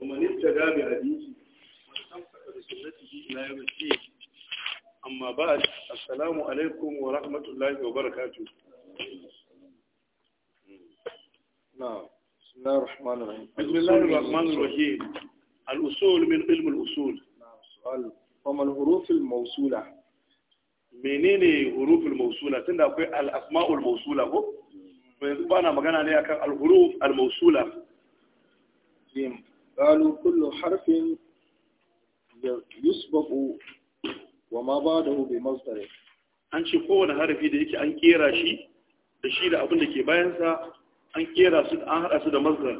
ومن ابتدى بهديه واستمسك بسنته الى يوم الدين اما بعد السلام عليكم ورحمه الله وبركاته نعم بسم الله الرحمن الرحيم بسم الله الرحمن الرحيم الاصول من علم الاصول نعم سؤال وما الحروف الموصوله menene huruful mausula tunda akwai al-asma'ul mausula ko yanzu ba na magana ne akan al-huruf al-mausula jim قالوا كل حرف يسبق وما بعده بمصدره an ce kowane harafi da yake an kera shi da shi da abin da ke bayansa an kera su an haɗa su da mazdar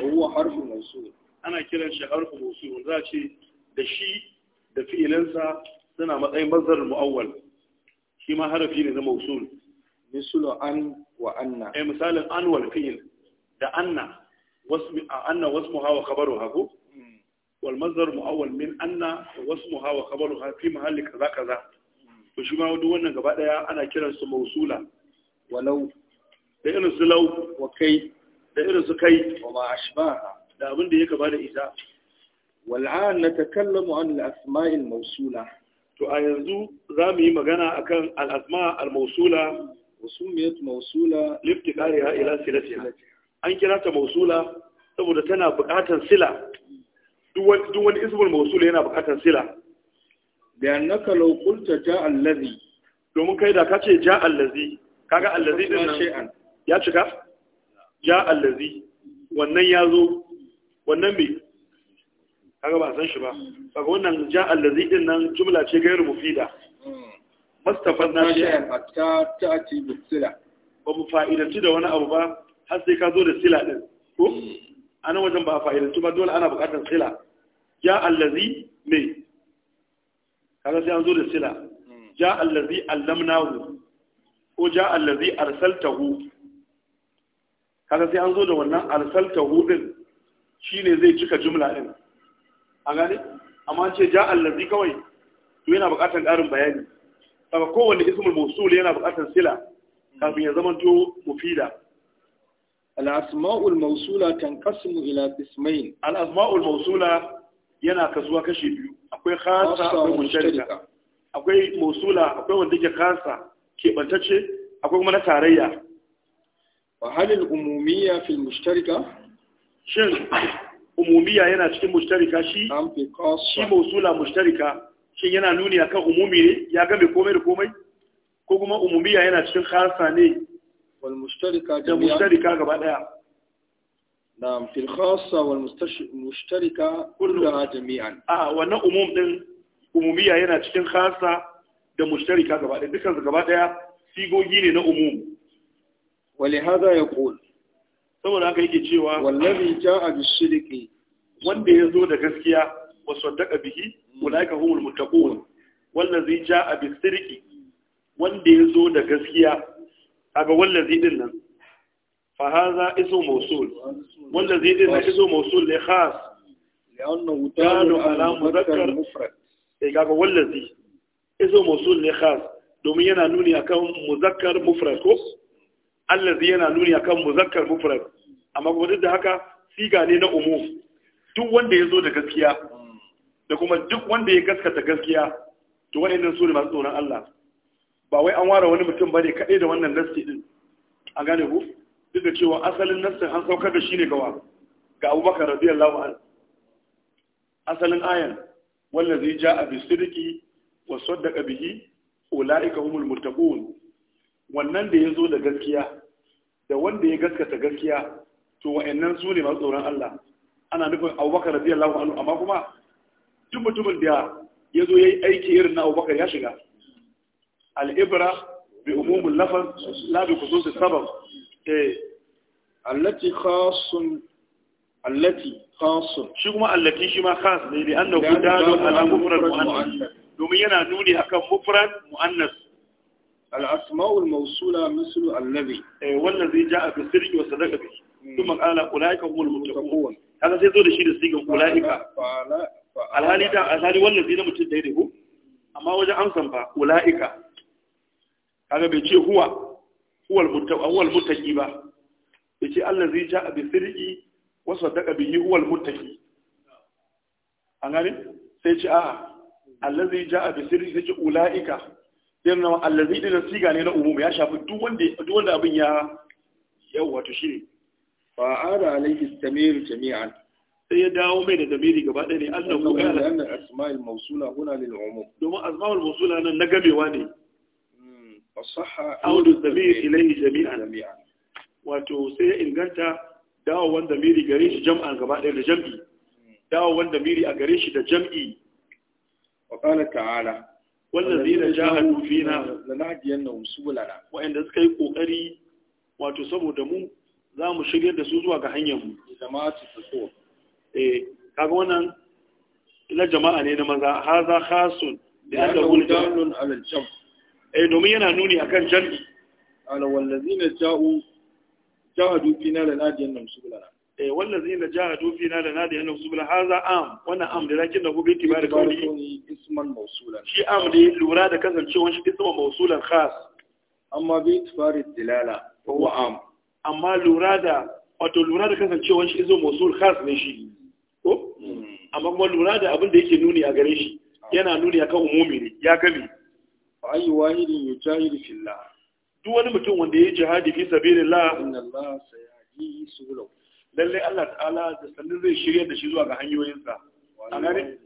huwa harfin mausul ana kiran shi harfin mausul za ce da shi da fi'ilinsa suna matsayin mazdar mu'awwal shi ma harafi ne na mausul misalu an wa anna eh misalin an wal fi'il da anna wasu anna wasmu hawa khabaru hago wal mazdar muawwal min anna wasmu hawa khabaru ha fi mahalli kaza kaza to shi ma duk wannan gaba daya ana kiran su mausula walau da irin su lau wa kai da irin su kai wa ma ashbaha da abin da ya gaba ita wal an natakallamu an al asma'il mausula to a yanzu za mu yi magana akan al asma al mausula وسميت موصولة لابتكارها إلى سلسلة an kira ta mausula saboda tana buƙatar sila duk wani ismul mausula yana buƙatar sila da annaka law qulta ja allazi domin kai da kace ja allazi kaga allazi din nan ya cika ja allazi wannan yazo wannan me kaga ba san shi ba kaga wannan ja allazi din nan jumla ce gairu mufida na shay'an hatta ta'ti bisila ba mu fa'idanci da wani abu ba har sai ka zo da sila din ko hmm. a nan wajen ba a fa'idantu ba dole ana buƙatar sila ya allazi ne kaga sai an zo da sila ja hmm. allazi allamnahu ko ja allazi arsaltahu kaga sai an zo da wannan arsaltahu din shine zai cika jumla din an gane amma ce ja allazi kawai to yana buƙatar ƙarin bayani saboda kowanne ismul mawsul yana buƙatar sila hmm. kafin ya zama to mufida al'asma'ul mausula kan kasmu ila ismail al'asma'ul yana kasuwa kashe biyu akwai khasa akwai mushtarika akwai mausula akwai wanda ke khasa keɓantacce akwai kuma na tarayya wa halil umumiyya fil shin umumiyya yana cikin mushtarika shi shi mausula mushtarika shin yana nuni akan umumi ne ya gama komai da komai ko kuma umumiyya yana cikin khasa ne wal mushtarika da gaba daya na'am fil khassa wal mushtarika kullaha jami'an a wannan umum din umumiyya yana cikin khassa da mushtarika gaba daya dukkan gaba daya sigogi ne na umum wali hada yaqul saboda haka yake cewa wallazi ja'a bis-sidqi wanda yazo da gaskiya wanda da gaskiya kaga wallazi din nan fa hadha ismu mawsul wallazi din nan ismu mawsul ne khas li'annahu dalu ala e mufrad eh kaga wallazi ismu mawsul ne khas domin yana nuni akan muzakkar mufrad ko allazi yana nuni akan muzakkar mufrad amma kuma duk da haka siga ne na umum duk wanda ya zo da gaskiya da kuma duk wanda ya gaskata gaskiya to wa'annan su ne masu tsoron Allah ba wai an ware wani mutum ba ne kaɗai da wannan nasti ɗin a gane ku duk da cewa asalin nassin an saukar da shi ne gawa ga abubakar radiyallahu an asalin ayan wallazi ja'a bi sidqi wa saddaqa bihi ulaika humul muttaqun wannan da yazo da gaskiya da wanda ya gaskata gaskiya to wa'annan su ne masu tsoron Allah ana nufin abubakar radiyallahu anhu amma kuma duk mutumin da ya zo ya yi aiki irin na abubakar ya shiga al'ibra bi umumin lafan la bi khususis sabab eh allati khasun allati khasun shi kuma allati shi ma khas ne Da annahu dalun ala muannas domin yana nuni akan mufrad muannas الأسماء الموصولة مثل الذي والذي جاء بالصدق وصدق به ثم قال أولئك هم المتقون هذا سيزول الشيء للصدق أولئك kaga bai ce huwa huwal muttaqi huwal muttaqi ba yace allazi ja'a bi sirri wa saddaqa bihi huwal muttaqi an gane sai ce a'a allazi ja'a bi sirri sai ce ulaika dan nan allazi din siga ne na umum ya shafi duk wanda duk wanda abin ya yawa to shine fa ara alayhi samir jami'an sai ya dawo mai da damiri gaba ɗaya ne annahu ya da asma'il mawsula huna lil umum domin asma'ul mawsula nan na gamewa ne fasaha audu zamir ilayhi jami'an wato sai ya inganta dawowan zamiri gare shi jam'an gaba da jam'i dawowan zamiri a gare shi da jam'i wa qala ta'ala wallazina jahadu fina lanahdiyannahum subulana wa'anda suka yi kokari wato saboda mu za mu shigar da su zuwa ga hanyar eh kaga wannan na jama'a ne na maza haza khasun da eh domin yana nuni akan jami'i ala wallazina ja'u jahadu fina la nadiyan subulana eh wallazina jahadu fina la nadiyan subulana haza am wannan am da lakin da gobe tibari kawai isman mawsulan shi am da lura da kasancewar shi isman mawsulan khas amma bi itfari dilala huwa am amma lura da wato lura da kasancewar shi isman mawsul khas ne shi ko hmm. amma kuma lura da abin da yake nuni a gare shi ah. yana nuni akan umumi ne ya gami wa ayi wahidin yujahidu fillah duk wani mutum wanda ya jihadi fi sabilillah inna Allah sayahdihi subulahu lalle Allah ta'ala da sanin zai shirya da shi zuwa ga hanyoyinsa a gane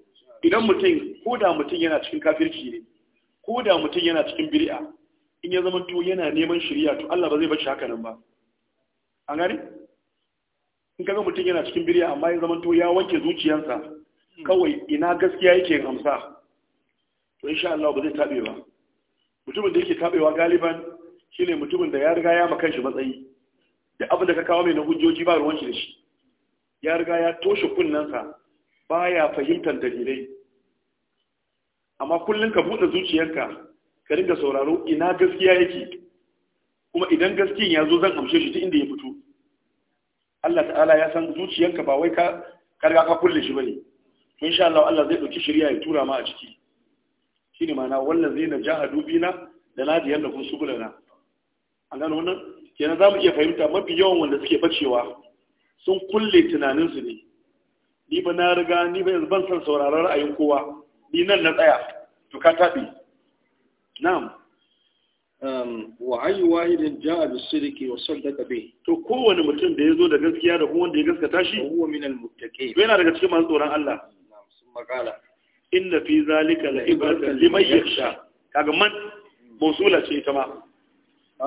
idan mutum ko da mutum yana cikin kafirci ne ko da mutum yana cikin bid'a in ya zama to yana neman shirya to Allah ba zai bar shi haka nan ba a gani in kaga mutum yana cikin bid'a amma ya zama to ya wanke zuciyarsa hmm. kawai ina gaskiya yake gamsa to insha Allah ba zai tabe ba mutumin da yake tabewa galiban shine mutumin da ya riga ya makan shi matsayi da abin da ka kawo mai na hujjoji ba ruwan shi da shi ya riga ya toshe kunnensa ya fahimtar dalilai amma kullum ka buɗe zuciyarka ka ringa sauraro ina gaskiya yake kuma idan gaskiyan ya zo zan amshe shi ta inda ya fito Allah ta'ala ya san zuciyarka ba wai ka karga ka kulle shi bane to insha Allah Allah zai dauki shirya ya tura ma a ciki shine ma'ana wannan zai na jahadu bina da nadiyar da kun na an gano wannan kenan za mu iya fahimta mafi yawan wanda suke bacewa sun kulle tunaninsu ne ni ba na riga ni ba yanzu ban san sauraron ra'ayin kowa ni nan na tsaya to ka taɓi na'am um, wa ayyu wahidin ja'a bi sidqi wa saddaqa bi to kowane mutum da yazo da gaskiya da kuma wanda ya gaskata shi huwa min al muttaqin yana daga cikin masu tsoron Allah na'am sun makala إن في ذلك لعبرة لمن يخشى كمن موصولة شيء تمام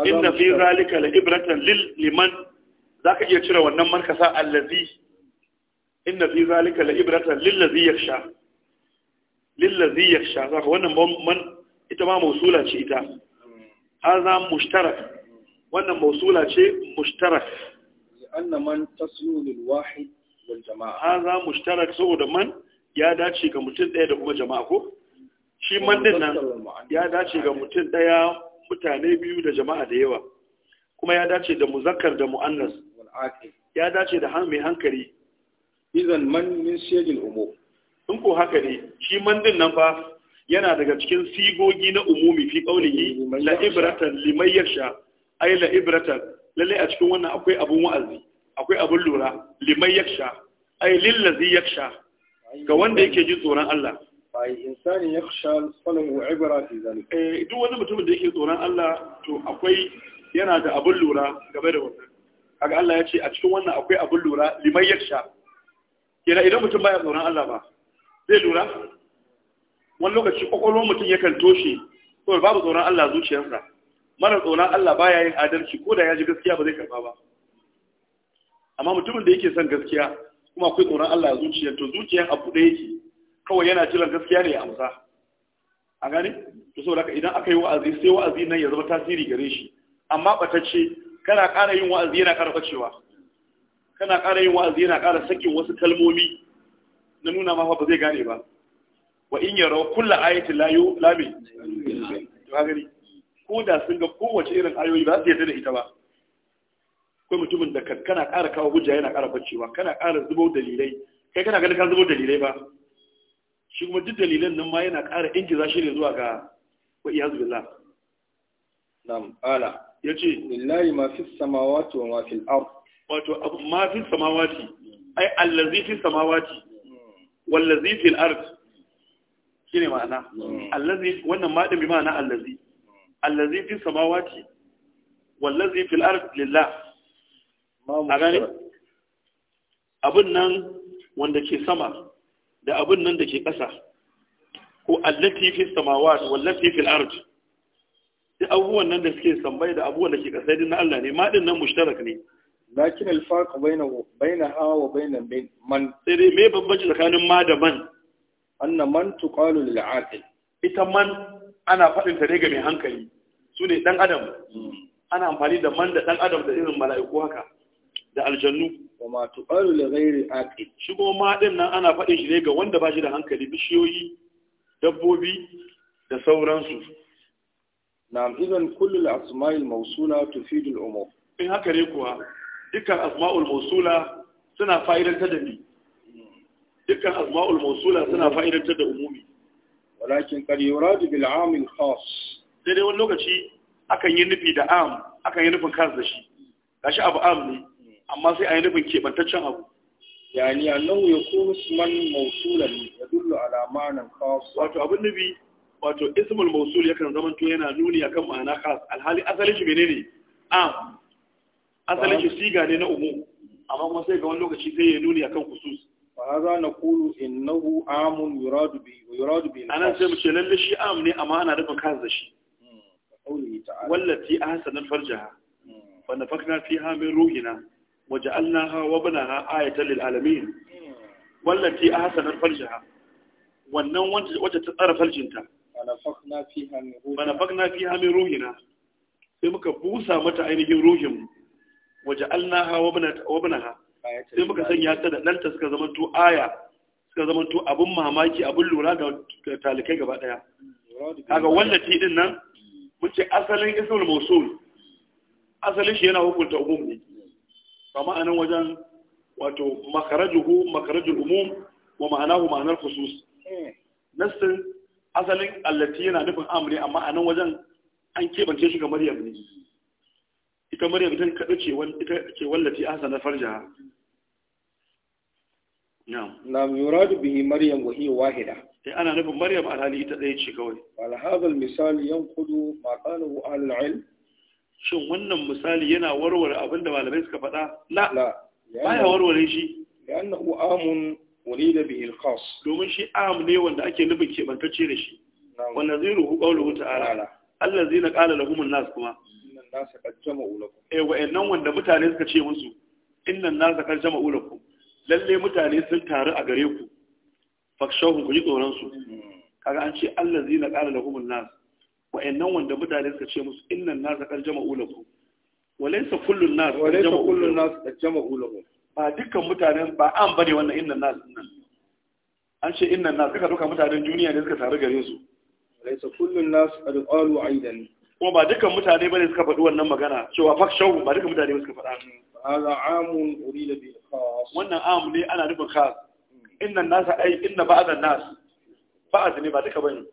إن في ذلك لعبرة لمن ذاك يشرى ونم من كسا الذي إن في ذلك لعبرة للذي يخشى للذي يخشى ذاك ونم من إتما موصولة شيء هذا مشترك ونم موصولة شيء مشترك لأن من تصل للواحد والجماعة هذا مشترك صعود من ya dace ga mutum ɗaya da kuma jama'a ko shi Mandin nan ya dace ga mutum ɗaya mutane biyu da jama'a da yawa kuma ya dace da muzakkar da mu'annas ya dace da mai hankali Izan man shegin umu in ko haka ne shi Mandin nan fa yana daga cikin sigogi na umumi fi qaulihi la ibratan Limayyar Sha. ay la ibratan lalle a cikin wannan akwai abun wa'azi akwai abun lura Limayyar Sha. ay lillazi yasha ga wanda yake ji tsoron Allah ai insani yakhsha falahu ibra fi zalika eh duk wani mutum da yake tsoron Allah to akwai yana da abin lura game da wannan kaga Allah ya ce a cikin wannan akwai abin lura liman yakhsha kina idan mutum baya tsoron Allah ba zai lura wani lokaci kokolon mutum yakan toshe saboda babu tsoron Allah zuciyarsa mara tsoron Allah baya yin adalci ko da ya ji gaskiya ba zai karba ba amma mutumin da yake son gaskiya kuma akwai tsoron Allah zuciya. to zuciya abu ɗaya yake kawai yana jiran gaskiya ne ya amsa a gani to saboda haka idan aka yi wa'azi sai wa'azi nan ya zama tasiri gare shi amma batacce kana ƙara yin wa'azi yana ƙara bacewa kana ƙara yin wa'azi yana ƙara sakin wasu kalmomi na nuna ma ba zai gane ba wa in yaraw kullu ayati la yu la bi gani ko da sun ga kowace irin ayoyi ba su yarda da ita ba akwai mutumin da kana ƙara kawo hujja yana ƙara bacewa kana ƙara zubo dalilai kai kana ganin ka zubo dalilai ba shi kuma duk dalilan nan ma yana ƙara ingiza shi ne zuwa ga wa iyazu billah nam ala yace lillahi ma fi samawati wa ma fil ard wato ma fi samawati ai allazi fi samawati wallazi fil ard shine ma'ana hmm. allazi wannan ma din bi ma'ana allazi allazi fi samawati wallazi fil ard lillahi a gane abin nan wanda ke sama da abin nan da ke ƙasa ko allati fi samawat wallati fil ard da abubuwan nan da suke sambai da abubuwan da ke ƙasa din na Allah ne ma din nan mushtarak ne lakin alfarq bainahu bainaha wa bainan man sai dai me babbaci tsakanin ma da man anna man tuqalu lil aqil ita man ana faɗin ta ga mai hankali su ne ɗan adam mm. ana amfani da man da ɗan adam da irin mala'iku haka da aljannu wa ma tu'alu li ghairi aqil shi kuma ma din nan ana faɗin shi ne ga wanda ba shi da hankali bishiyoyi dabbobi da sauransu na'am idan kullu al-asma'il mawsula tufidu al-umur in haka ne kuwa dukkan asma'ul mawsula suna fa'idantar da ni dukkan asma'ul mawsula suna fa'idantar da umumi walakin qad yuradu bil 'am al-khas dai wani lokaci akan yi nufi da am akan yi nufin kansa shi gashi abu am ne amma sai a yi nufin keɓantaccen abu yani kuma yakunu isman mawsulan yadullu ala ma'nan khas wato abin nabi wato ismul mausul yakan kan zamanto yana nuni akan ma'ana khas alhali asalin shi ne. a asalin shi siga ne na umu amma kuma sai ga wani lokaci sai ya nuni akan khusus فهذا نقول إنه عام na به Anan sai أنا سيما شلال لشي عام ني أما أنا رفع كاز لشي قوله تعالى والتي أحسن الفرجها فنفقنا فيها من ruhina. hawa وجعلناها وابنها آية للعالمين a أحسنت فرجها wannan wacce ta tsara farjinta na fi hami ruhina sai muka busa mata ainihin ruhin waje na alnaha wabnaha sai muka sanya ta da ɗanta suka zamanto aya suka zamanto abin mamaki abin lura da talikai gaba ɗaya kaga wannan tidin nan mun ce asalin ismul mausul asalin shi yana hukunta umum فمعنى وجن واتو مخرجه مخرج الأموم ومعناه معنى الخصوص نفس أصل التي أنا نفع أما أنا وجن أن كيف تشيك مريم إذا مريم تن كأتشي والتي أحسن فرجها نعم نعم يراد به مريم وهي واحدة أنا نفع مريم على هذه تأتي كوي على هذا المثال ينقض ما قاله أهل العلم shin wannan misali yana warware abin da malamai suka faɗa la baya warware shi li'annahu amun walida bi al domin shi am ne wanda ake nufin kebantacce da shi wa naziruhu qawluhu ta'ala allazina qala lahum an-nas kuma innan nas jama'u lakum eh wa'annan wanda mutane suka ce musu innan nas qad jama'u lakum lalle mutane sun taru a gare ku fakshahu ku ji tsoron su hmm. kaga an ce allazina qala lahum an-nas wa'annan wanda mutane suka ce musu innan nasa kan jama'u lahu walaysa kullun nas walaysa kullun nas qad jama'u lahu ba dukkan mutane ba an bane wannan innan nas nan an ce innan nas suka duka mutanen duniya ne suka taru gare su walaysa kullun nas qad qalu aidan kuma ba dukkan mutane bane suka faɗi wannan magana cewa fak shawu ba dukkan mutane suka faɗa hada amun urida bi khas wannan am ne ana nufin khas hmm. innan nasa ai inna ba'd an nas ba'd ne ba duka bane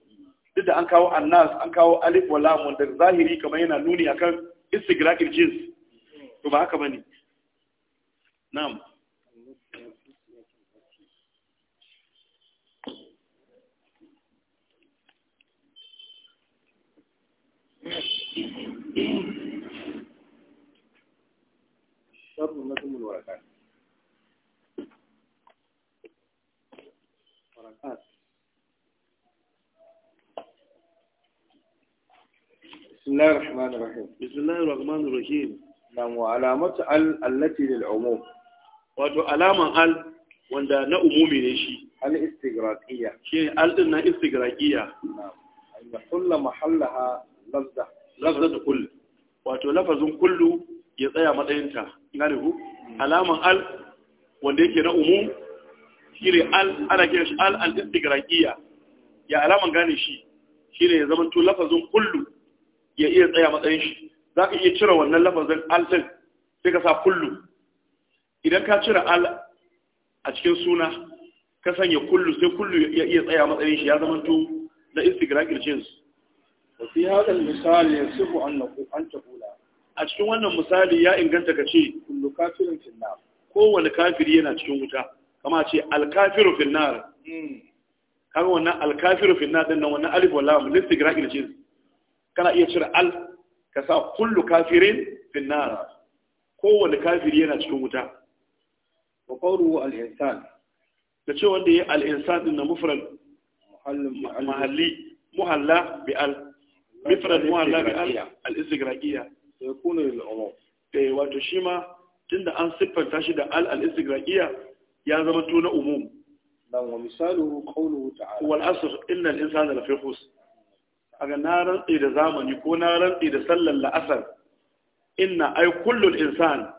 duk da an kawo annas an kawo alif wa lam da zahiri kamar yana nuni akan istigraqil jins to ba haka bane na'am na. نظم warakan bismillahir rahmanir rahim wanda na umumi ne shi al istigraqiyya shi al din na istigraqiyya ay mahulla mahallaha lafza lafza da kullu wato lafazin kullu ya tsaya matsayinta gane ku hmm. alaman wanda yake na umum shi al ana kiran ya alaman gane shi zama lafazin kullu ya iya tsaya matsayin shi za ka iya cire wannan lafazin al din sai ka sa kullu idan ka cire al a cikin suna ka sanya kullu sai kullu ya iya tsaya matsayin shi ya zama to da Instagram jins wa fi hada misali sifu an an taqula a cikin wannan misali ya inganta ka ce kullu kafirin finna. kowane kafiri yana cikin wuta kama ce al finna fil hmm. kaga wannan al finna fil din nan wannan alif wal lam istigraqil jins kana iya cire al ka sa kullu kafirin fin nar kowanne kafiri yana cikin wuta wa qawluhu al insan da ce wanda ya al insan din na mufrad muhalli. muhalla bi al mufrad muhalla bi al al istigraqiya yakunu lil umum eh wato shi ma tunda an siffanta shi da al al istigraqiya ya zama to na umum dan wa misaluhu qawluhu ta'ala wal asr inna al insana lafi khusr aga na rantsi da zamani ko na rantsi da sallar la'asar inna ai kullul insan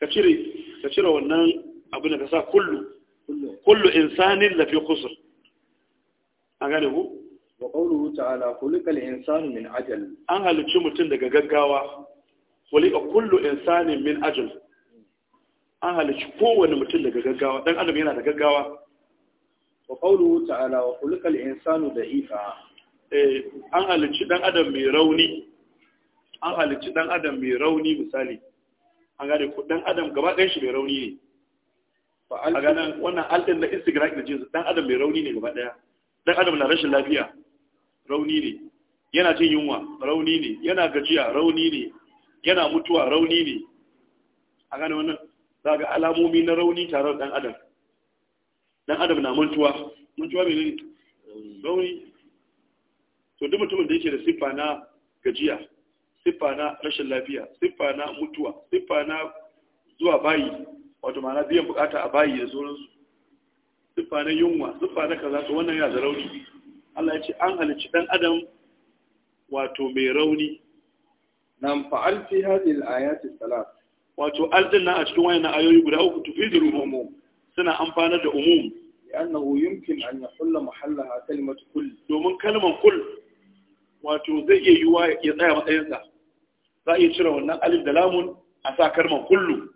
ka cire ka cire wannan abin da ka sa kullu kullu insanin fi kusur an gane ku wa qawluhu ta'ala khuliqal insanu min ajal an halicci mutum daga gaggawa khuliqa kullu insanin min ajal an halicci kowane mutum daga gaggawa dan adam yana da gaggawa wa qawluhu ta'ala wa khuliqal insanu da'ifa Eh, an halicci dan adam mai rauni an halicci dan adam mai rauni misali an gane ku dan adam gaba ɗayan shi mai rauni ne a gane wannan alɗin na instagram da jinsu dan adam mai rauni ne gaba ɗaya dan adam na rashin lafiya rauni ne yana jin yunwa rauni ne yana gajiya rauni ne yana mutuwa rauni ne a gane wannan za ga alamomi na rauni tare da dan adam dan adam na mutuwa mutuwa mai rauni to duk mutumin da yake da siffa na gajiya siffa na rashin lafiya siffa na mutuwa siffa na zuwa bayi wato ma'ana biyan bukata a bayi da sauransu siffa na yunwa siffa na kaza to wannan yana da rauni Allah ya ce an halicci dan adam wato mai rauni nan fa'al fi hadhihi al-ayati salat wato aldin a cikin wayannan ayoyi guda uku tufidiru umum suna amfanar da umum لأنه يمكن أن يحل محلها كلمة كل domin kalmar kul wato zai iya yiwuwa ya tsaya matsayinsa za a iya cire wannan alif da lamun a sa karman kullu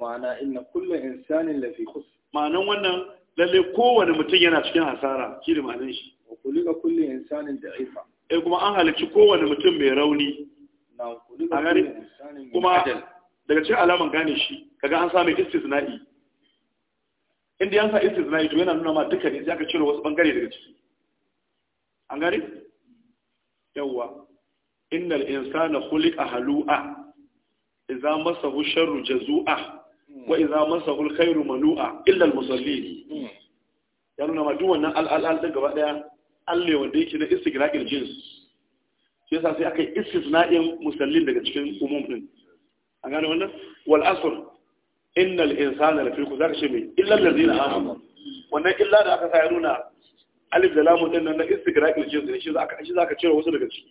ma'ana inna kullu insanin lafi khus ma'anan wannan lalle kowane mutum yana cikin hasara shi da ma'anan shi wa ga kullu insanin aifa eh kuma an halicci kowane mutum mai rauni na kullu insanin kuma daga cikin alaman gane shi kaga an samu istisna'i inda an sa istisna'i to yana nuna ma duka ne sai aka cire wasu bangare daga ciki an gane yawwa innal insana khuliqa halu'a idza masahu sharru jazu'a hmm. wa idza masahu alkhairu manu'a illa almusallin hmm. yana nuna duk wannan al'al din gaba daya alle wanda yake da istighraqil jins shi yasa sai aka yi istisna'in musallin daga cikin umum din an gane wannan wal asr innal insana lafi ku zaka mai illa allazina amanu hmm. wannan illa da aka sa ya nuna alif da lamu din nan na istigraqil jins ne shi za ka shi za ka cire wasu daga ciki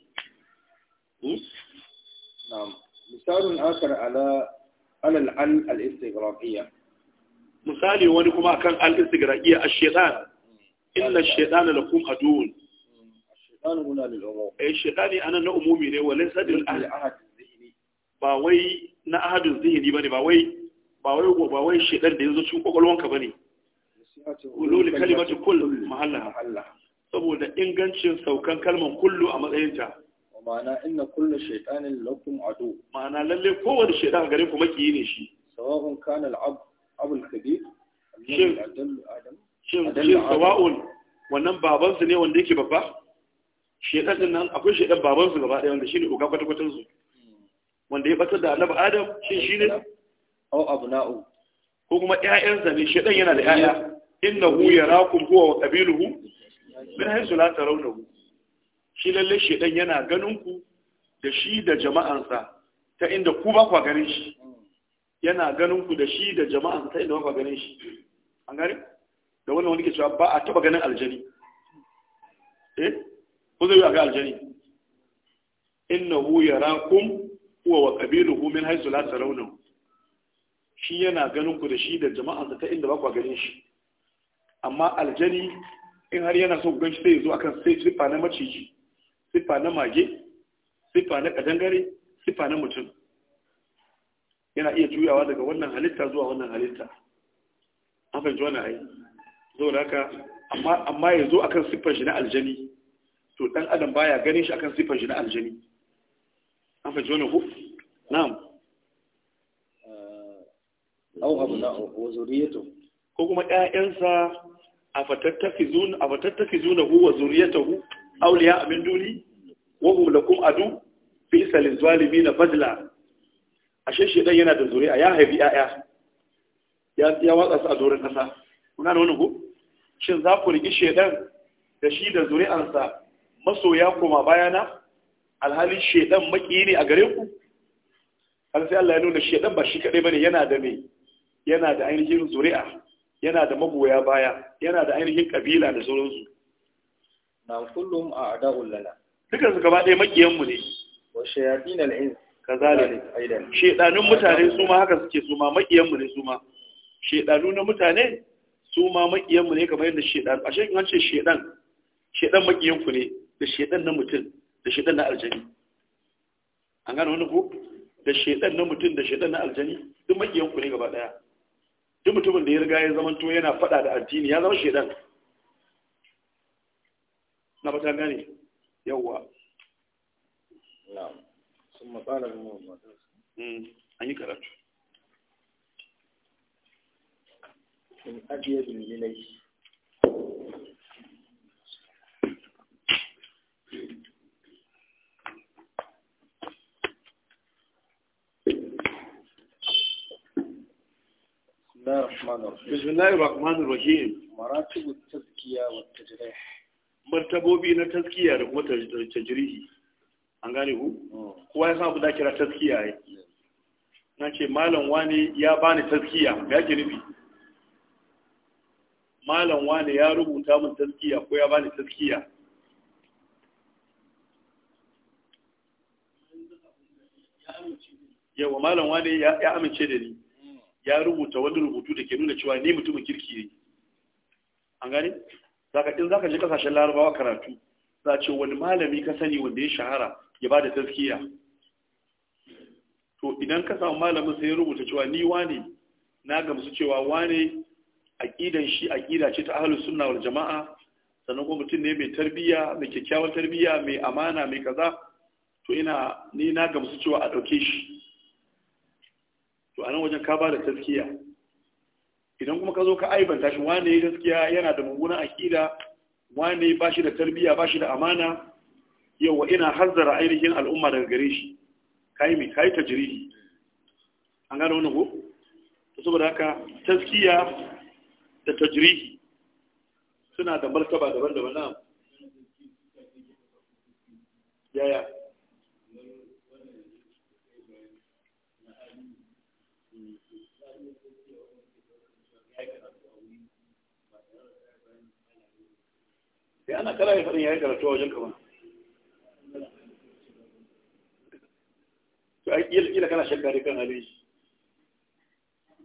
hmm? na'am misalun akar ala ala al al istigraqiyya misali wani kuma akan al istigraqiyya ash-shaytan hmm. inna ash shaytan lakum adun hmm. ash shaytan huna lil umum eh shaytani anan na umumi ne walaysa lil ahad ba wai na ahadin zihni bane ba wai ba wai ba wai shaytan da yanzu cikin kokolwanka bane ulul kalimatu kull mahalla saboda ingancin saukan kalmar kullu a matsayinta ma'ana inna kullu shaytanin lakum adu ma'ana lalle kowanne shaytan gare ku makiyi ne shi sawabun kana al'ab abul kabir shin shin sawa'un wannan baban su ne wanda yake babba shaytan din nan akwai shaytan baban su gaba daya wanda shine uga kwata kwata su hmm. wanda ya bata da annabi adam shin shine aw abna'u ko kuma ƴaƴansa ne shaytan yana da ƴaƴa innahu yarakum huwa wa qabiluhu min haythu la tarawnahu shi lalle shedan yana ganin ku da shi da jama'ansa ta inda ku ba kwa ganin shi yana ganin ku da shi da jama'ansa ta inda ba kwa ganin shi an gane da wannan wani ke cewa ba a taba ganin aljani eh ko zai ga aljani innahu yarakum huwa wa qabiluhu min haythu la tarawnahu shi yana ganin ku da shi da jama'ansa ta inda ba kwa ganin shi amma aljani in har yana son ganshi sai ya zo akan sai siffa na maciji siffa na mage siffa na kadangare siffa na mutum yana iya juyawa daga wannan halitta zuwa wannan halitta an fahimci wani ai zo da haka amma amma ya zo akan sifar shi na aljani to dan adam baya ganin shi akan sifar shi na aljani an fahimci wannan ko na'am aw abna'u wa zuriyatuhu ko kuma ƴaƴansa fatattafi zuna hu wa zuriyatahu awliya min duni wa hum lakum adu fi salil zalimin fadla ashe dan yana da zuriya ya haifi ƴaƴa ya ya watsa su a doron kasa kuna da wani ku shin za ku riki shedan da shi da zuri'ansa masoya koma bayana alhali shedan maki ne a gare ku har sai Allah ya nuna shedan ba shi kadai bane yana da me yana da ainihin zuri'a yana da magoya baya yana da ainihin kabila da sauransu na kullum a da'ul lana dukkan su gaba ɗaya makiyan mu ne wa shayatin al-ins kazalik aidan shedanun mutane su ma haka suke su ma makiyan mu ne su ma shedanu na mutane su ma makiyan mu ne kamar yadda shedan ashe in hancin ce shedan shedan makiyan ku ne da shedan na mutum da shedan na aljani an gane wani ku da shedan na mutum da shedan na aljani duk makiyan ku ne gaba ɗaya duk mutumin da ya riga ya tuwo yana faɗa da addini ya zama shedan na fata gane yawwa sun matsala da mm, an yi karatu in ajiye bin بسم الله الرحمن الرحيم مراتب التزكية والتجريح martabobi na taskiya da kuma tajrihi an gane ku oh. kowa ya san abu da kira taskiya ya na ce malam wani ya bani taskiya me yake nufi malam wani ya rubuta min taskiya ko ya bani taskiya yawa malam wani ya amince da ni ya rubuta wani rubutu da ke nuna cewa ni mutumin kirki ne an gani zaka zaka je kasashen larabawa karatu za ce wani malami ka sani wanda ya shahara ya ba da taskiya to idan ka samu malamin sai ya rubuta cewa ni wane na gamsu cewa wane aqidan shi aqida ce ta ahlus sunna wal jamaa sannan kuma mutum ne mai tarbiyya mai kyakkyawar tarbiyya mai amana mai kaza to ina ni na gamsu cewa a ɗauke shi to a wajen ka bada taskiya idan kuma ka zo ka aibanta shi wane gaskiya yana da mummuna akida wane ba shi da tarbiyya ba shi da amana yawa ina hanzara ainihin al'umma daga gare shi kai mai kai ta an gano wani ko saboda haka taskiya da tajrihi suna da martaba daban-daban na yaya sai ana kala ya faɗin ya yi karatu a wajen kama to ai kila kana shakka da kan halin shi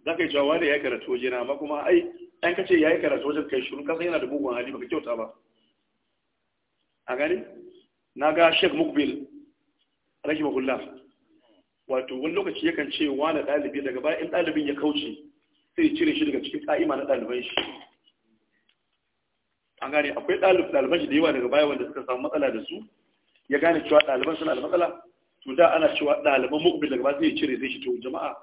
za ka yi cewa da ya yi karatu waje na amma kuma ai ɗan ka ce ya yi karatu a wajen kai shuru kasan yana da mugun hali ba ka kyauta ba a gani na ga shek mukbil rahima hullah wato wani lokaci yakan ce wani ɗalibi daga bayan ɗalibin ya kauce sai cire shi daga cikin ƙa'ima na ɗaliban shi an gane akwai ɗaliban shi da yawa daga baya wanda suka samu matsala da su ya gane cewa ɗaliban suna da matsala to da ana cewa ɗaliban mukbil daga baya zai cire zai shi to jama'a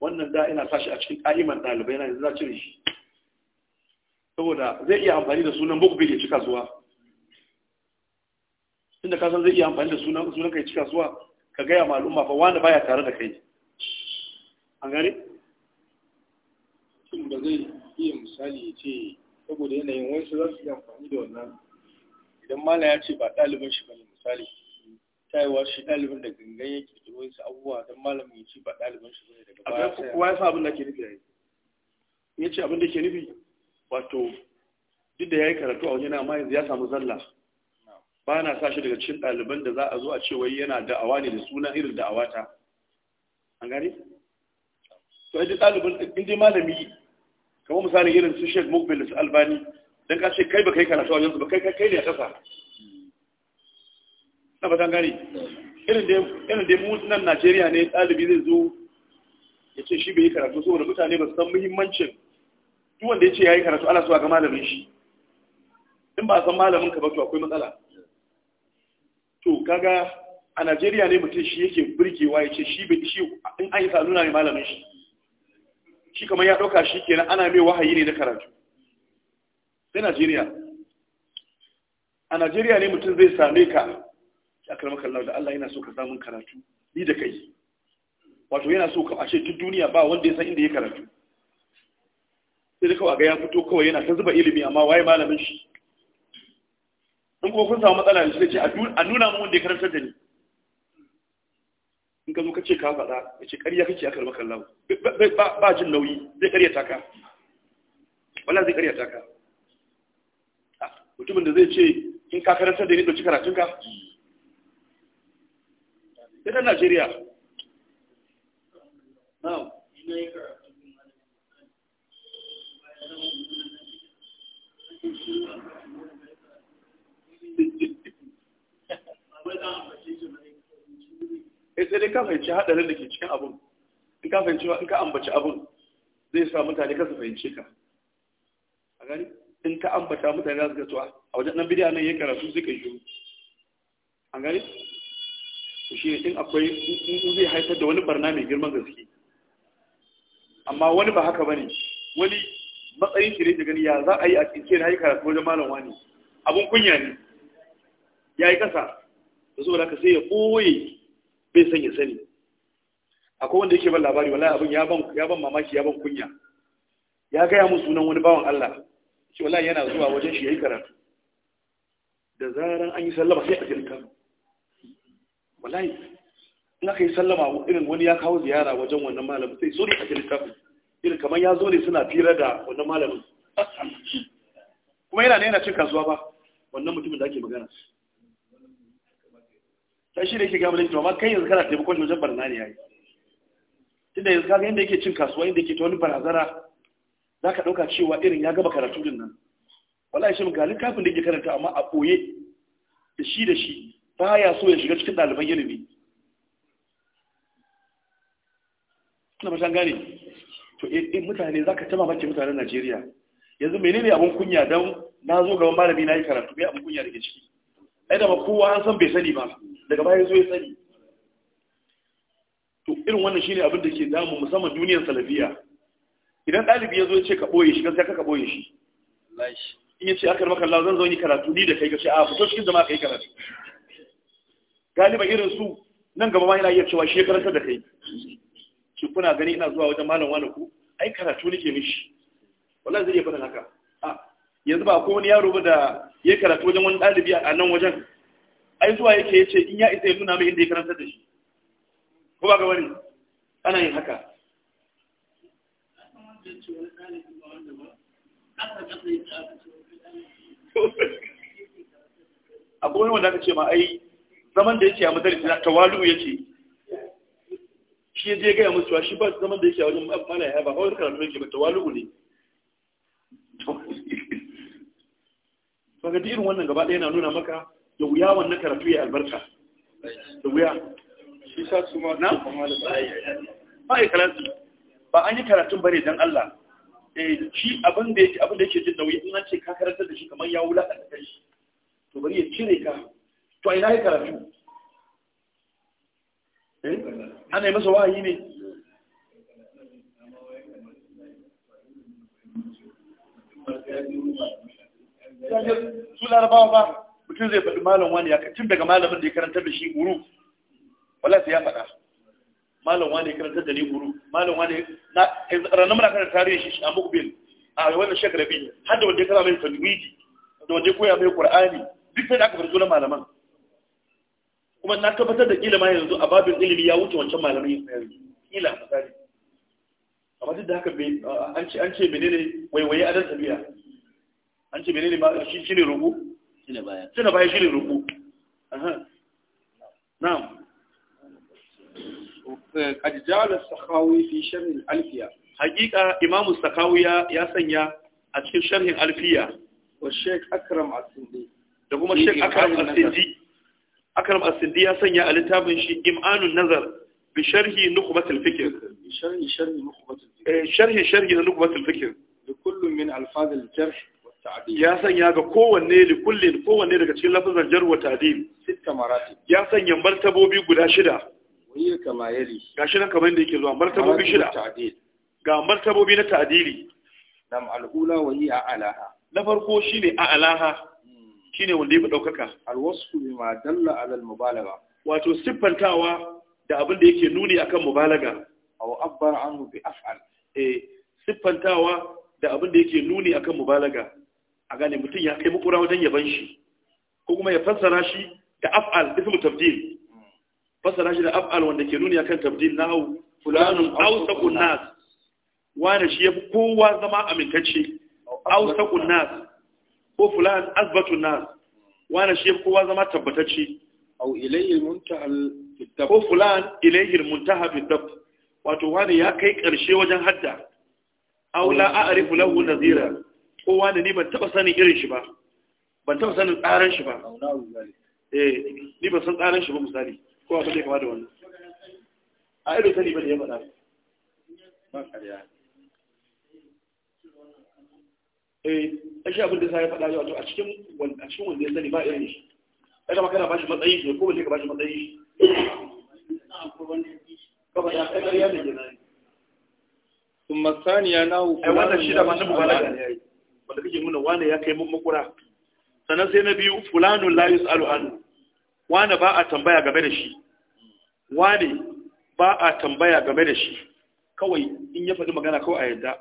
wannan da ina sa shi a cikin ƙa'iman ɗalibai na yanzu za cire shi saboda zai iya amfani da sunan mukbil ya ci kasuwa Inda ka san zai iya amfani da sunan sunan kai ci kasuwa ka gaya ma al'umma fa wani baya tare da kai an gane shin ba zai iya misali ya ce saboda yanayin wani su za su yi amfani da wannan idan mala ya ce ba ɗalibin shi bane misali tayewa shi ɗalibin da gangan ya kirkiro wasu abubuwa don malam ya ce ba ɗalibin shi bane daga baya sai kowa ya sa abin da ke nufi yayi ya ce abin da ke nufi wato duk da ya yi karatu a wajen amma yanzu ya samu zalla ba na sa shi daga cikin ɗaliban da za a zo a ce wai yana da'awa ne da suna irin da'awata an gani? to ai duk ɗalibin in dai malami kamar misali irin su Sheikh Mukbil da su Albani don ka ce kai ba kai karatu a yanzu ba kai kai ne a kasa na ba gani irin da irin da nan Najeriya ne ɗalibi zai zo ya ce shi bai yi karatu saboda mutane ba su san muhimmancin duk wanda ya ce ya yi karatu ana suwa a ga malamin shi in ba san malamin ka ba to akwai matsala to kaga a Najeriya ne mutum shi yake burgewa ya ce shi bai shi in an yi saluna ne malamin shi shi kamar ya ɗauka shi kenan ana mai wahayi ne na karatu sai najeriya a najeriya ne mutum zai same ka ya karama kallon da allah yana so ka samun karatu ni da kai wato yana so ka ashe tun duniya ba wanda ya san inda ya karatu sai da kawai ga ya fito kawai yana ta zuba ilimi amma waye malamin shi in kuma kun samu matsala da shi ce a nuna mun wanda ya karantar da ni ka zo ka ce ka faɗa ya ce ƙarya kake aka karɓar kallon ba jin nauyi zai ƙarya taka wala zai ƙarya taka ah, mutumin da zai ce in ka karanta da ni ɗauki ka sai ta najeriya Thank you. eh sai dai ka fahimci hadarin da ke cikin abun in ka fahimci in ka ambaci abun zai sa mutane ka su fahimce ka a gani in ka ambata mutane za su ga to a wajen nan bidiya nan ya karatu zai kai shiru A gani shi in akwai in zai haifar da wani barna mai girman gaske amma wani ba haka bane wani matsayin shi ne da gani ya za a yi a cikin hayi karatu wajen malam wani abun kunya ne ya yi kasa da saboda ka sai ya koye bai san ya sani akwai wanda yake ban labari wallahi abin ya ban ya ban mamaki ya ban kunya ya gaya mun sunan wani bawan Allah shi wallahi yana zuwa wajen shi yayin karatu da zaran an yi sallama sai a kan wallahi in aka yi sallama irin wani ya kawo ziyara wajen wannan malamin sai so ne a kan irin kamar ya zo ne suna fira da wannan malamin kuma yana ne yana cin kasuwa ba wannan mutumin da ake magana ta shi da ke gama da amma kai yanzu kana taimakon wajen barna ne yayi tunda yanzu kaga inda yake cin kasuwa inda yake ta wani barazana za ka ɗauka cewa irin ya gaba karatu din nan wala shi galin kafin da yake karanta amma a ɓoye da shi da shi ba so ya shiga cikin ɗaliban ilimi na mashan gane to in eh, eh, mutane za ka ta mace mutanen najeriya yanzu menene abin kunya don na zo gaban malami na yi karatu bai abin kunya da ke ciki ai da ba kowa an san bai sani ba daga baya zo ya sani to irin wannan shine abin da ke damu musamman duniyar salafiya idan ɗalibi ya zo ya ce ka ɓoye shi gaskiya ka ɓoye shi in ya ce aka maka Allah zan zo yi karatu ni da kai ka ce a fito cikin zama kai karatu galiba irin su nan gaba ma yana iya cewa shi karanta da kai shi kuna gani ina zuwa wajen malam wani ku ai karatu nake mishi wallahi zai iya fara haka a yanzu ba ko wani yaro ba da ya karatu wajen wani ɗalibi a nan wajen ai zuwa yake yace in ya isa ya nuna mai inda ya karanta da shi ko ba ga wani ana yin haka a kuma wanda aka ce ma ai zaman da yake a madarisa tawalu yake shi je gaya musu shi ba zaman da yake a wajen mala ya ba kawai karatu yake ba tawalu ne ga irin wannan gaba ɗaya na nuna maka da wuya wannan karatu ya albarka da wuya shi sa su ma na ba yi karatu ba an yi karatun bane don Allah eh shi abin da yake abin da yake jin nauyi in an ce ka karanta da shi kamar ya wula a da shi to bari ya cire ka to ina yi karatu eh ana yi masa wahayi ne su larabawa ba mutum zai faɗi malam wani ya kacin daga malamin da ya karanta da shi guru wala sai ya faɗa malam wani ya karanta da ni guru malam wani na ranar muna karanta tarihi shi a mukbil a wannan shekara biyu har da wanda ya kama mai tajwidi da wanda ya koya mai qur'ani duk sai da aka farzo na malaman kuma na tabbatar da kila ma yanzu a babin ilimi ya wuce wancan malamin yanzu kila tsari amma duk da haka an ce menene waiwaye adan tabiya an ce menene ma shi ne rubu shine baya shine baya shine ruku na'am kajjalus sakawi fi sharhin alfiya hakika imamu sakawiya ya sanya a cikin sharhin alfiya da kuma sheikh akram asindi ya sanya a shi imanun nazar bi sharhi nukhbatul fikr sharhi sharhi nukhbatul fikr eh, sharhi sharhi nukhbatul fikr bi ya sanya ga kowanne li kullin kowanne daga cikin lafazan jar wa ta'dil sita marati ya sanya martabobi guda shida Ga kama yali gashi nan kamar da yake zuwa martabobi shida ga martabobi na ta'dili nam al'ula wa a a'laha na farko shine a'laha hmm. shine wanda ya fi daukaka alwasfu bima dalla ala al-mubalagha wato siffantawa da abin da yake nuni akan mubalaga aw abbara anhu bi af'al eh siffantawa da abin da yake nuni akan mubalaga a gane mutum ya kai makura wajen yaban shi ko kuma ya fassara shi da af'al ismu tabdil fassara shi da af'al wanda ke nuni akan tabdil na fulanun awsaqun nas wani shi yafi kowa zama amintacce awsaqun nas ko fulan azbatun nas wani shi yafi kowa zama tabbatacce au ilayhi al ko fulan ilayhi al-muntaha wato wani ya kai karshe wajen hadda aw la a'rifu lahu nazira kowa da ni ban taba sanin irin shi ba ban taba sanin tsaran shi ba eh ni ban san tsaran shi ba misali ko a da kama da wannan a ido sani ba da ya faɗa ba kariya eh ashe abin da sai ya faɗa yau a cikin a cikin wanda ya sani ba irin shi kada ma kana bashi matsayi ko wanda ka bashi matsayi kuma ya ƙarya ne ثم الثانية أنه أي وانا الشيء ما نبغى لك wane ya kai mun makura sannan sai na biyu fulanun la yus'alu anhu wane ba a tambaya game da shi wane ba a tambaya game da shi kawai in ya faɗi magana kawai a yadda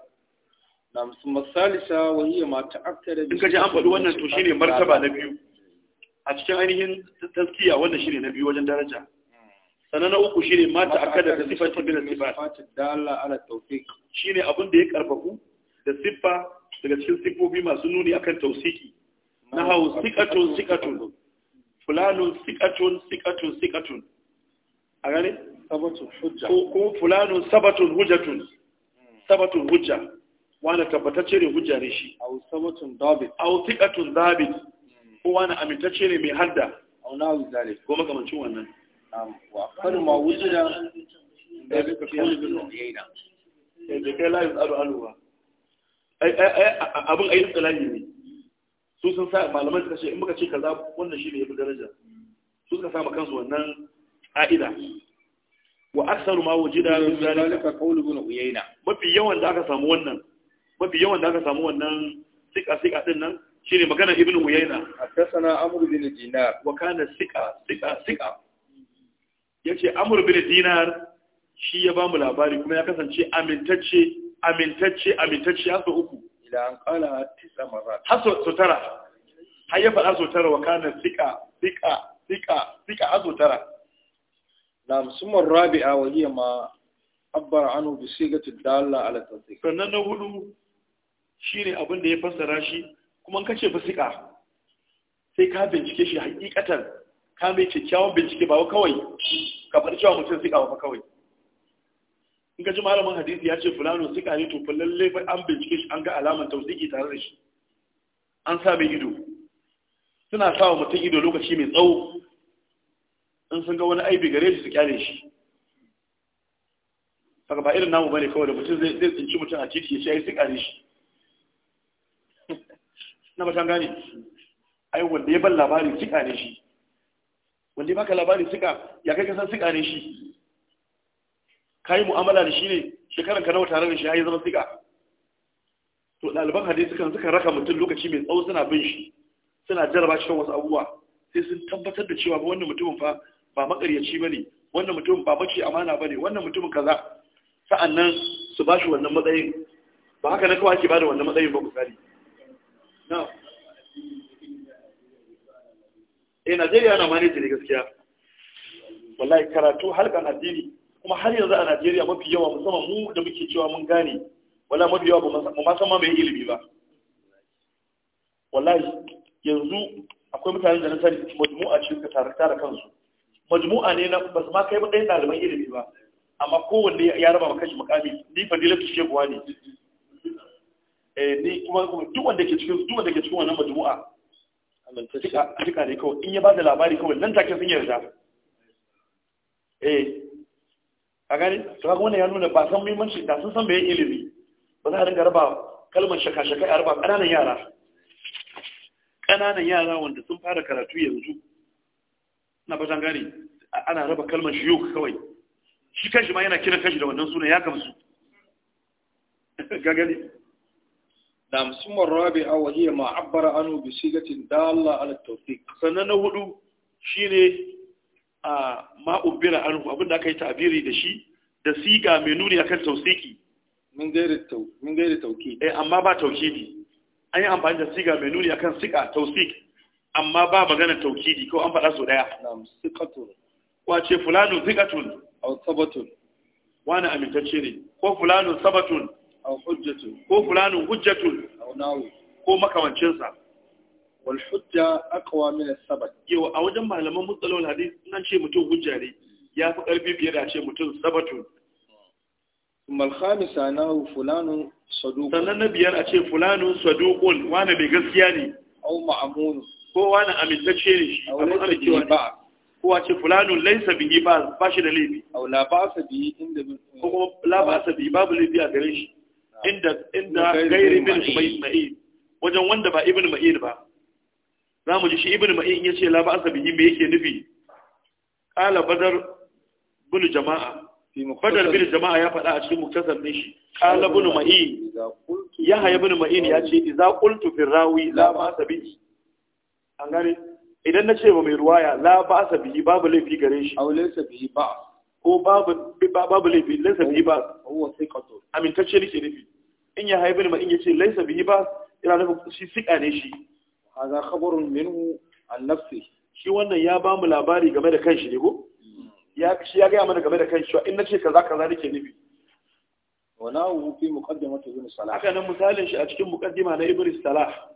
na musamman wani wahiyya mata ta'akkara in ka ji an faɗi wannan to shine martaba na biyu a cikin ainihin taskiya wannan shine na biyu wajen daraja sannan na uku shine a ta'akkara da sifatu bil sifat dalla ala ne shine abin da ya karfafu da siffa daga cikin siffofi masu nuni akan tausiki na hau sikatun sikatun fulanun sikatun sikatun sikatun a gane? kuma hujja fulanun sabatun hujjatun hmm. sabatun hujja wanda tabbatacce ne hujja ne shi a sabatun dabit a sikatun dabit hmm. ko wani amintacce ne mai hadda wani abu wuzale ko makamancin wannan wa kan ma wujuda da suka eh, kai da kai la ado aluwa. abin yi tsalahi ne su sun sa malaman suka ce in muka ce kaza wannan shi ne ya fi daraja su suka samu kansu wannan ƙa'ida wa aksaru ma waje min mafi yawan da aka samu wannan mafi yawan da aka samu wannan sika sika din nan shine magana ibn uyayna hadathana amr bin dinar wa kana sika sika sika yace amr bin dinar shi ya bamu labari kuma ya kasance amintacce amintacce amintacce har sau uku ila an kala tisa marat har sau tara har ya faɗa sau tara wa kana sika sika sika sika har sau tara na musamman rabi'a wa hiya ma abbar anu bi sigati dalla ala tasdiq sannan na hudu shine abin da ya fassara shi kuma an kace fasika sai ka bincike shi hakikatan ka mai kyakkyawan bincike ba kawai ka faɗi cewa mutum sika ba kawai in ka ji malamin hadisi ya ce fulano suka ne to fulalle fa an bincike shi an ga alaman tausiki tare da shi an sa mai ido suna sa wa mutum ido lokaci mai tsawo in sun ga wani aibi gare shi su kyale shi saka ba irin namu bane kawai da mutum zai tsinci mutum a titi ya ce ai su ne shi na ba tan gane ai wanda ya ban labarin su ne shi wanda ya baka labarin suka ya kai kasan suka ne shi ka yi mu'amala da shi ne shekaran ka nawa tare da shi ya yi zama siga to ɗaliban hadisi sukan suka raka mutum lokaci mai tsawo suna bin shi suna jarraba cikin wasu abubuwa sai sun tabbatar da cewa wannan mutumin fa ba makaryaci ba ne wannan mutumin ba mace amana ba ne wannan mutumin kaza sa'annan su ba shi wannan matsayin ba haka na kawai ake ba da wannan matsayin ba misali na eh najeriya na ma ne gaskiya wallahi karatu halkan addini kuma har yanzu a Najeriya mafi yawa musamman mu da muke cewa mun gane wala mafi yawa ba ma san ma mai ilimi ba wallahi yanzu akwai mutane da na sani majmu'a ce suka tare tare kansu majmu'a ne na ba su ma kai ba dai ɗaliban ilimi ba amma kowanne ya raba maka kashi makami ni fadila shi shebuwa ne eh ni kuma duk wanda ke cikin duk wanda ke cikin wannan majmu'a amintacce ne kawai in ya ba da labari kawai nan take sun yarda eh a gani to kaga wannan ya nuna ba san muhimmanci da sun san bai ilimi ba za a dinga raba kalmar shaka-shaka ya raba ƙananan yara ƙananan yara wanda sun fara karatu yanzu na fatan gani ana raba kalmar shi yau kawai shi kanshi ma yana kiran kanshi da wannan suna ya gamsu Gagali, da musamman rabi a wahiyar ma'abbar anu bisigatin dalla ala tawfiq sannan na hudu shine a ubbira anhu abin da aka yi tabiri da shi da siga mai nuni akan tausiki min gairi tau min gairi tauki eh amma ba taukidi an yi amfani da siga mai nuni akan siga tausik amma ba magana taukidi ko an faɗa so daya na'am sikatun wace fulanu sikatun aw sabatun wani amintacce ne ko fulanu sabatun aw hujjatun ko fulanu hujjatun aw nawi ko makamancinsa wal hujja aqwa min as-sabat yau a wajen malaman mutsalol hadis nan ce mutum hujja ya fi karfi fiye da ce mutum sabatu mal khamisa nahu fulanu sannan na biyar a ce fulanu saduqun wani bai gaskiya ne au wani amintacce ne shi abin amincewa ne ko ce fulanun laisa ba ba shi da laifi au la ba babu laifi a gare shi inda inda gairi bin isma'il wajen wanda ba ibn ma'il ba za mu ji shi ibn ma'in ya ce la ba'asa bihi me yake nufi qala badar bin jama'a badar bin jama'a ya faɗa a cikin muktasar ne shi qala bin ma'in ya haya bin ma'in ya ce iza qultu fi rawi la ba'asa bihi an gane idan na ce wa mai ruwaya la ba'asa bihi babu laifi gare shi aw laysa bihi ba ko babu babu laifi laysa bihi ba huwa thiqatu amintacce ne ke nufi in ya haya bin ma'in ya ce laysa bihi ba yana nufin shi sika ne shi hadha khabarun minhu an nafsi shi wannan ya ba mu labari game da kanshi ne ko ya shi ya ga mana game da kanshi in nace kaza kaza nake nufi wala hu fi muqaddimati ibn salah haka nan misalin shi a cikin muqaddima na ibn salah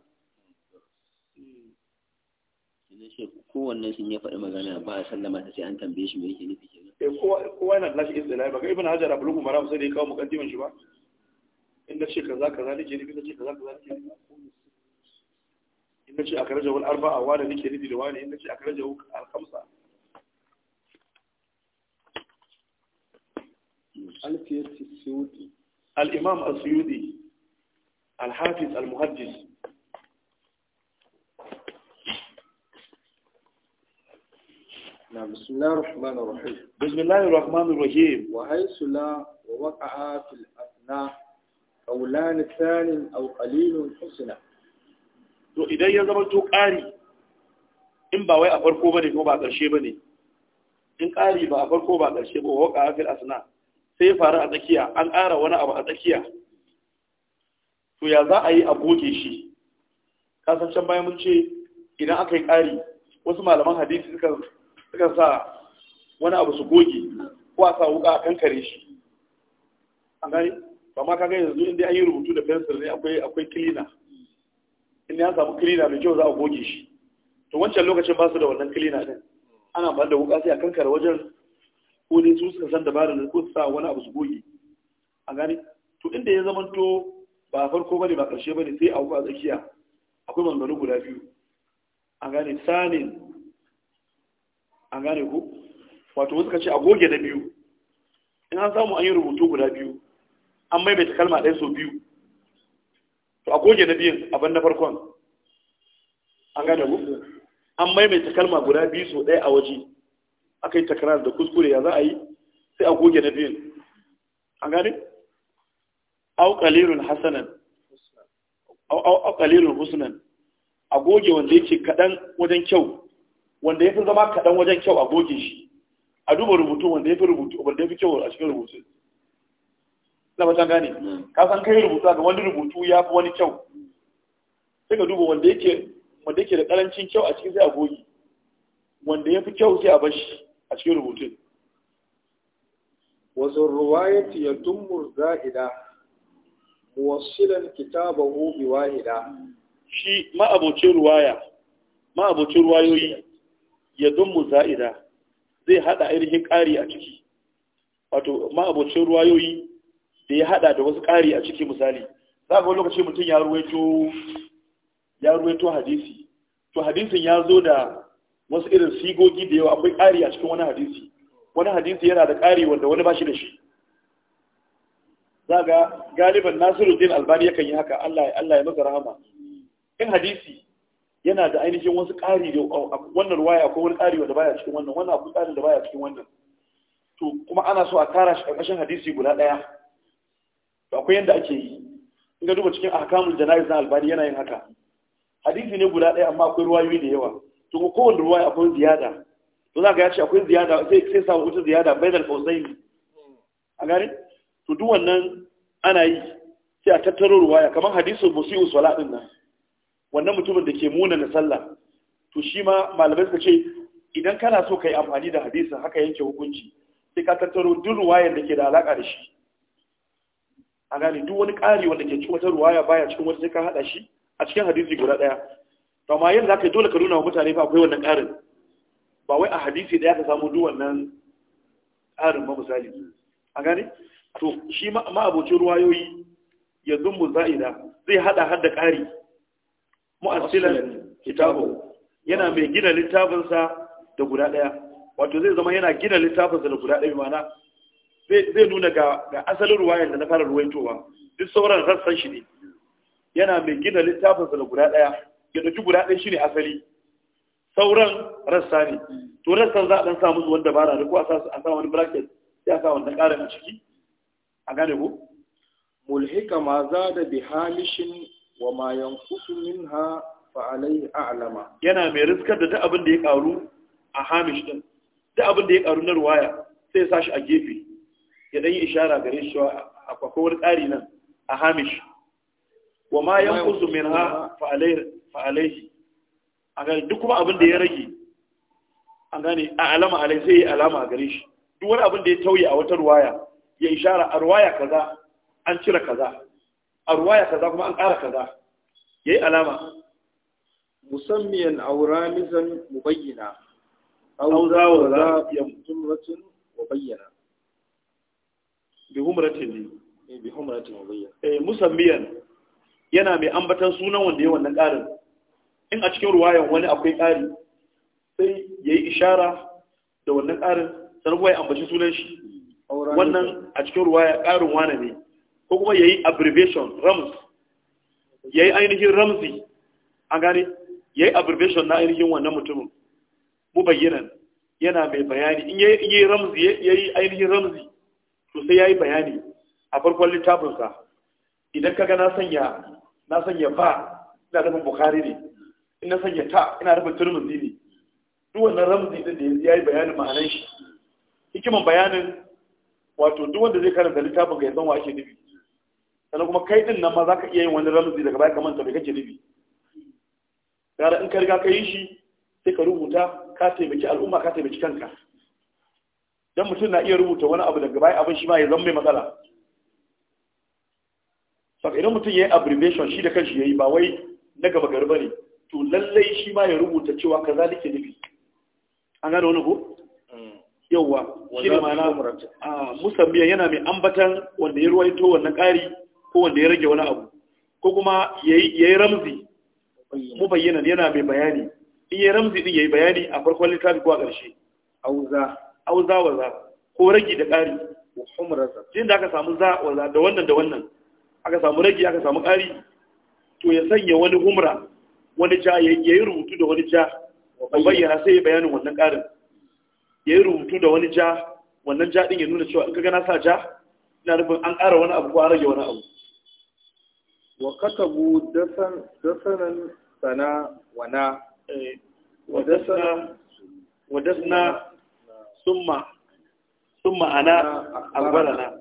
ko wannan sun ya faɗi magana ba a sallama ta sai an tambaye shi me yake nufi kenan ko kowa na da lashi istilahi ba ga ibn hajar abul maram sai da ya kawo muqaddiman shi ba in da ce kaza kaza nake nufi da ce kaza kaza nake nufi نجي أخرجه الأربعة أوان اللي كريدي لواني نجي أخرجه الخمسة الإمام السيودي الحافظ المهجز بسم الله الرحمن الرحيم بسم الله الرحمن الرحيم وهي لا ووقع في الأثناء أولان الثاني أو قليل حسنا to idan ya zama to ƙari in ba wai a farko ba ne ko ba ƙarshe ba ne in ƙari ba a farko ba ƙarshe ba waka hafil asina sai faru a tsakiya an ƙara wani abu a tsakiya to ya za a yi a goge shi kasancen bayan mun ce idan aka yi ƙari wasu malaman hadisi suka sa wani abu su goge ko a sa wuka a kankare shi an gani ba ma kaga yanzu inda an yi rubutu da fensir ne akwai akwai cleaner in ya samu kilina mai kyau za a goge shi to wancan lokacin ba su da wannan kilina din ana ba da wuka sai a kankara wajen ko ne su suka san dabarar da ko su sa wani abu su goge a gani to inda ya zama to ba farko bane ba karshe bane sai a wuka tsakiya akwai manganu guda biyu a gane sanin a gane ku wato wasu ka ce a goge na biyu in an samu an yi rubutu guda biyu an maimaita kalma ɗaya sau biyu to a goge na biyun abin na farkon an gane ku an maimaita kalma guda biyu so ɗaya a waje aka yi takarar da kuskure ya za a yi sai a goge na biyun an gane au hasanan au husnan a goge wanda yake kaɗan wajen kyau wanda ya fi zama kaɗan wajen kyau a goge shi a duba rubutu wanda ya fi rubutu wanda ya fi kyau a cikin rubutu na ba gane ka san kai rubutu ga wani rubutu ya fi wani kyau sai ka duba wanda yake wanda yake da karancin kyau a cikin sai a goge wanda ya fi kyau sai a shi a cikin rubutun wasu ruwayati ya tummur za'ida muwassilan kitabahu bi wahida shi ma'abocin ruwaya ma'abocin ruwayoyi ya dummu za'ida zai hada ainihin ƙari a ciki wato ma'abocin ruwayoyi da ya hada da wasu ƙari a ciki misali za ga lokaci mutum ya ruwaito ya ruwaito hadisi to hadisin ya zo da wasu irin sigogi da yawa akwai ƙari a cikin wani hadisi wani hadisi yana da ƙari wanda wani ba shi da shi za ga galiban nasiruddin albani yakan yi haka allah allah ya masa rahama in hadisi yana da ainihin wasu ƙari da wannan waya akwai wani ƙari wanda baya cikin wannan wannan akwai ƙarin da baya cikin wannan to kuma ana so a kara shi ƙarƙashin hadisi guda ɗaya to akwai yadda ake yi in ka duba cikin ahkamul jana'iz na albani yana yin haka hadisi ne guda ɗaya amma akwai ruwayoyi da yawa to ko kowanne ruwaya akwai ziyada to za ka ya ce akwai ziyada sai sai sa wata ziyada bainal ne. a gare to duk wannan ana yi sai a tattaro ruwaya kamar hadisul musiu salat din nan wannan mutumin da ke muna na sallah to shi ma malamai suka ce idan kana so ka yi amfani da hadisin haka yanke hukunci sai ka tattaro duk ruwayar da ke da alaka da shi a gane duk wani ƙari wanda ke cikin wata ruwaya baya cikin wata sai ka haɗa shi a cikin hadisi guda ɗaya to amma yadda zaka yi dole ka nuna wa mutane fa akwai wannan ƙarin ba wai a hadisi ɗaya ka samu duk wannan ƙarin ba misali a gane to shi ma abocin ruwayoyi yanzu mu za'ida zai haɗa har da ƙari mu'assilan kitabu yana mai gina littafinsa da guda ɗaya wato zai zama yana gina littafinsa da guda ɗaya ma'ana zai nuna ga asalin ruwayan da na fara ruwaitowa duk sauran rassan shi ne yana mai gina littafinsa da guda ɗaya ya ɗauki guda ɗaya shi ne asali sauran rassa ne to rassan za a ɗan sa musu wanda bara da ko a sa wani bracket sai a sa wannan ƙara a ciki a gane ko mulhika ma za da bi halishin wa ma yankusu ha fa alai a'lama yana mai riskar da duk abin da ya karu a hamish din duk abin da ya karu na ruwaya sai ya sa shi a gefe ya dan yi ishara gare shi akwai wani tsari nan a hamish wa ma yanqusu kusu min ha fa'alaihi a gani duk kuma abin da ya rage a gani a alama alai sai ya alama a gare shi duk wani abin da ya tauye a wata ruwaya ya ishara a ruwaya kaza an cire kaza a ruwaya kaza kuma an ƙara kaza yi alama musammiyan auramizan mubayyana aw mutum yamtumratun mubayyana bi humratin ne eh, bi humratin ubayya eh musammiyan yana mai ambatan sunan wanda ya wannan ƙarin in a cikin ruwayan wani akwai ƙari sai yayi ishara da wannan ƙarin sannan kuma ya ambaci sunan shi wannan a cikin ruwaya ƙarin wane ne ko kuma yayi abbreviation rams yayi ainihin ramzi a gane yayi abbreviation na ainihin wannan mutumin mu bayyanan yana mai bayani in yayi ramzi yayi ainihin ramzi to sai yayi bayani a farkon littafin sa idan kaga na sanya na sanya ba ina nufin bukhari ne ina sanya ta ina nufin tirmidhi ne duk wannan ramzi din da yayi bayanin ma'anar shi hikiman bayanin wato duk wanda zai karanta littafin ga yanzu wa ake nufi sannan kuma kai din nan ma zaka iya yin wani ramzi daga baya ka manta bai kake nufi gara in ka riga ka yi shi sai ka rubuta ka taimaki al'umma ka taimaki kanka dan mutum na iya rubuta wani abu daga bayan abin shi ma ya zama mai matsala saka idan mutum ya yi abrivation shi da kanshi ya yi ba wai na gaba garba ne to lallai shi ma ya rubuta cewa kaza nake nufi an gane wani ko mm. yauwa shi ne ma'ana musamman yana mai ambatan wanda ya ruwaito wannan ƙari ko wanda ya rage wani abu ko kuma ya yi ramzi mu bayyana yana mai bayani in ya ramzi din ya yi bayani a farkon littafi ko a ƙarshe auza au za ko ragi da ƙari wa humraza jin da aka samu za da wannan da wannan aka samu ragi aka samu ƙari to ya sanya wani humra wani ja ya yi rubutu da wani ja wa bayyana sai ya bayanin wannan ƙarin ya yi rubutu da wani ja wannan ja ɗin ya nuna cewa in ka gana sa ja ina nufin an ƙara wani abu ko an rage wani abu wa katabu dasanan sana wana eh, dasana summa summa ana na.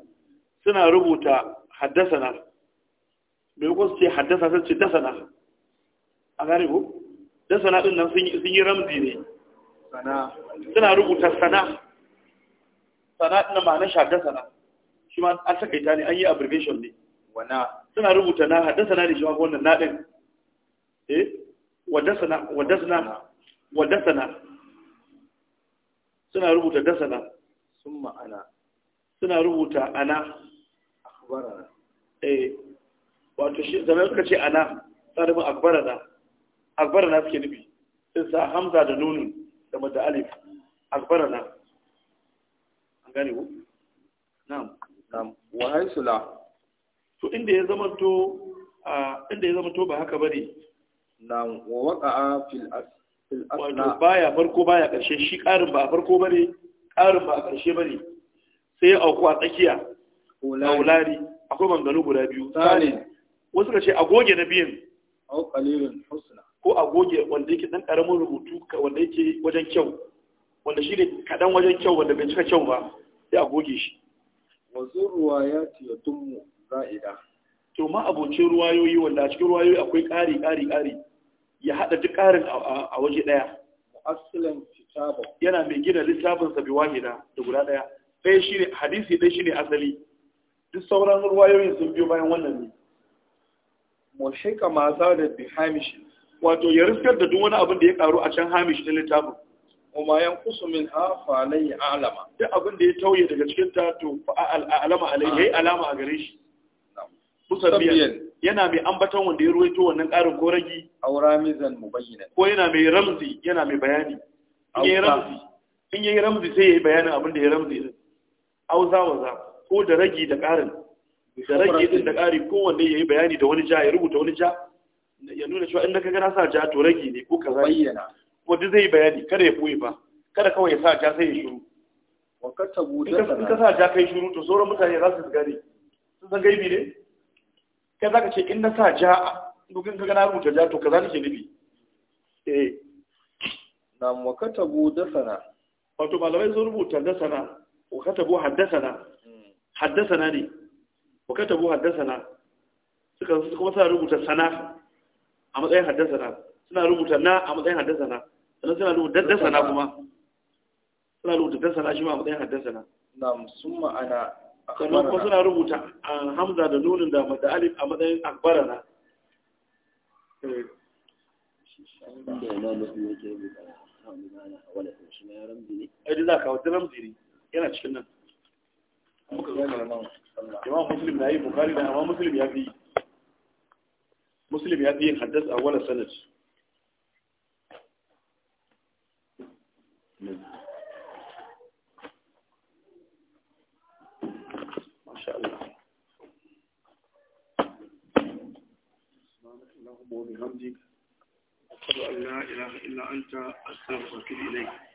suna rubuta haddasana mai kuma su ce haddasa sun ce dasana a gane ko dasana na nan sun yi ramzi ne suna rubuta sana sana ɗin ma na shaddasana shi ma an saka ita ne an yi abbreviation ne suna rubuta na haddasana ne shi ma wannan na ɗin eh sana wadda sana suna rubuta dasana sun ma'ana suna rubuta ana akbarana eh wato shi zama suka ce ana tsarin akbarana akbarana suke nufi sun sa hamza da Nuni da mata alif akbarana an gane ku na'am na'am wa haisula to inda ya zama to inda ya zama to ba haka bane na'am wa waqa'a fil as wato baya farko baya ƙarshe shi ƙarin ba farko bane ƙarin ba ƙarshe bane sai auku a tsakiya wulari akwai bangalo guda biyu tsarin wasu ka ce a goge na biyan ko a goge wanda yake dan karamin rubutu wanda yake wajen kyau wanda shi ne kadan wajen kyau wanda bai cika kyau ba sai a goge shi wa ruwa ya tiyatummu za'ida to ma abocin ruwayoyi wanda a cikin ruwayoyi akwai ƙari ƙari ƙari ya haɗa duk ƙarin a waje ɗaya asalin kitaba yana mai gina littafin sa bi wahida da guda ɗaya ɗaya ne hadisi ɗaya shine asali duk sauran ruwayoyin sun biyo bayan wannan ne wa shaika ma za da bi hamishi wato ya riskar da duk wani abin da ya karu a can hamishi na littafin kuma yan kusu min ha fa alama duk abin da ya tauye daga cikin ta to fa alama ah. yi alama a gare shi biyan. yana mai ambaton wanda ya ruwaito wannan ƙarin ko ragi aw ramizan mubayyana ko yana mai ramzi yana mai bayani in yayi ramzi in yayi ramzi sai yayi bayanin abin da ya ramzi din aw za, ko da ragi da ƙarin da ragi din da ƙari ko wanda yayi bayani da wani ja ya rubuta wani ja ya nuna cewa in ka ga na sa ja to ragi ne ko kaza bayyana ko duk zai bayani kada ya boye ba kada kawai ya sa ja sai ya shiru in ka sa ja kai shiru to sauran mutane za su gane sun san gaibi ne kai zaka ce in na sa ja dukkan kaga na rubuta ja to kaza nake nufi eh na mu katabu dasana wato malamai sun rubuta dasana wa katabu haddasana hmm. haddasana ne wa katabu haddasana suka kuma suna rubuta sana a matsayin haddasana suna rubuta na a matsayin haddasana sannan suna rubuta dasana kuma suna rubuta dasana shi ma a matsayin haddasana na sun ma'ana sannan kuma suna rubuta a hamza da nunin da da alif a matsayin akbarana eh. Aidi za ka wata ramziri yana cikin nan. Imam Muslim na yi Bukhari da, amma Muslim ya fi Muslim ya fi yin haddasa a wala sanad. insha Allah أشهد أن لا إله إلا أنت أستغفرك إليك